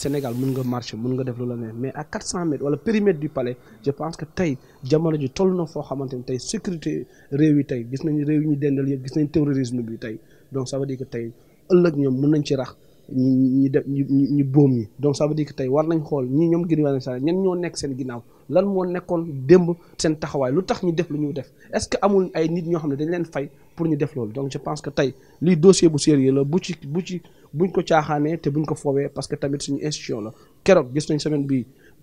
Sénégal mun nga marché mun nga def lu la ne mais à 400 wala périmètre du palais je pense que tey jamono ji toll na foo xamante ni tey sécurité réew yi tey gis nañu réew yi ñu dendal yëpp gis nañ terrorisme bi tey donc ça veut dire que tey ëllëg ñoom mun nañ ci rax ñi ñi def ñi ñi boom ñi donc ça veut tey war nañ xool ñi ñoom Guinée Bissau ñan ñoo nekk seen ginnaaw lan moo nekkoon démb seen taxawaay lu tax ñu def lu ñuy def est-ce que amul ay nit ñoo xam ne dañ leen fay pour ñu def donc je que tey lii dossier bu sérieux la bu ci bu ci buñ ko caaxaanee te buñ ko foowee parce que tamit suñu institution la keroog gis nañ semaine bi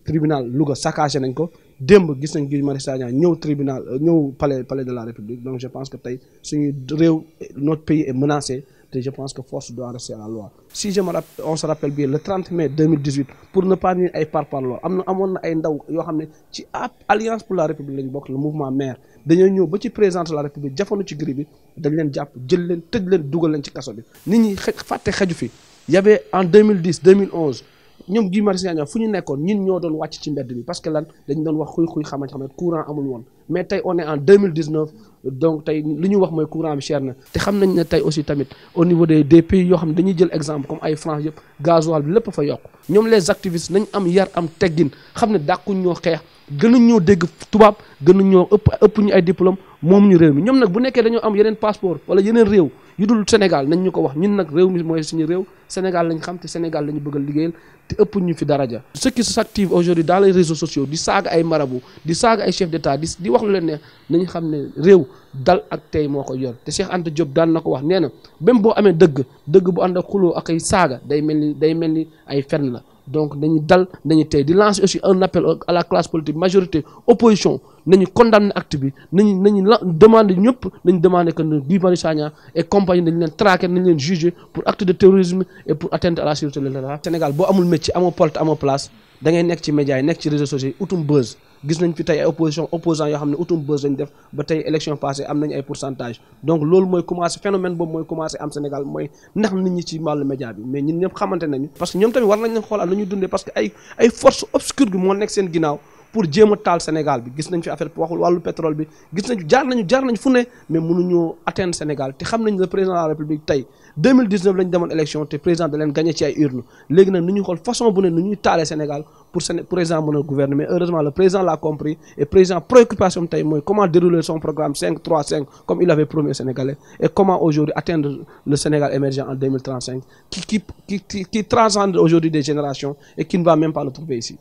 tribunal Louga saccagé nañ ko démb gis nañ Guy Marius Sagna ñëw tribunal euh, ñëw palais palais de la République donc je pense que tey suñu réew notre pays est menacé te je pense que force doit rester à la loi si je me on se rappelle bien le 30 mai 2018 pour ne pas ni ay par par loi am na amoon na ay ndaw yoo xam ci alliance pour la république lañ bokk le mouvement mère, dañoo ñëw ba ci présidente la république jafandu ci gri bi dañ leen jàpp jël leen tëj leen dugal leen ci kaso bi nit ñi fàtte xaju fi y avait en 2010 2011 ñom Guy Marius fu ñu nekkon ñun ñoo doon wàcc ci mbedd bi parce que lan dañ doon wax xuy xuy xamante xamante courant amul woon mais tey on est en 2019 donc tey li ñu wax mooy courant bi cher na te xam nañ ne tey aussi tamit au niveau des des pays yoo xam dañuy jël exemple comme ay France yëpp gasoil bi lépp fa yokk ñom les activistes nañ am yar am teggin xam ne dàqu ñoo xeex gënuñ ñoo dégg tubaab gënuñ ñoo ëpp ëpp ñu ay diplôme moom ñu réew mi ñoom nag bu nekkee dañoo am yeneen passeport wala yeneen réew yu dul Sénégal nañ ñu ko wax ñun nag réew mi mooy suñu réew Sénégal lañ xam te Sénégal lañu bëgg a liggéeyal te ëpp ñu fi daraja ceux qui s'activent aujourd'hui daal les réseaux sociaux di saaga ay marabu di saaga ay chef d'état di di wax lu leen ne nañu xam ne réew dal ak tey moo ko yor te Cheikh Anta job daal na ko wax nee na même boo amee dëgg dëgg bu ànd ak xuloo ak ay saaga day mel ni day mel ni ay fen la donc dañuy dal dañuy tey di lancer aussi un appel à la classe politique majorité opposition nañu condamner acte bi nañu nañu demander ñëpp nañu demander que Guy Marius Sagna et compagnie nañu leen traquer nañu leen juger pour acte de terrorisme et pour atteinte à la sûreté de l'État Sénégal bo amul métier amo porte, amo place da ngay nekk ci médias yi nekk ci réseaux sociaux yi buzz gis nañ fi tey opposition opposant yoo xam ne utum bës def ba tey élection passée am nañ ay pourcentage donc loolu mooy commencé phénomène boobu mooy commencé am Sénégal mooy ndax nit ñi ci wàllu média bi mais ñun ñëpp xamante nañu parce que ñoom tamit war nañ leen xoolaat lu ñuy dundee parce que ay ay force obscure bi moo nekk seen ginnaaw pour jéem a taal Sénégal bi gis nañ fi affaire waxul wàllu pétrole bi gis nañu jaar nañu jaar nañ fu ne mais mënuñoo atteindre Sénégal te xam nañ le président de la République tey 2019 lañ demoon élection te président da leen gagné ci ay urne léegi nag ni ñu xool façon bu ne nu ñuy taalee Sénégal pour Séné président mën a gouverner mais heureusement le président l'a compris et président préoccupation tey mooy comment dérouler son programme 5 3 5 comme il avait promis au Sénégalais et comment aujourd'hui atteindre le Sénégal émergent en 2035 qui qui qui qui, transcende aujourd'hui des générations et qui ne va même pas le trouver ici.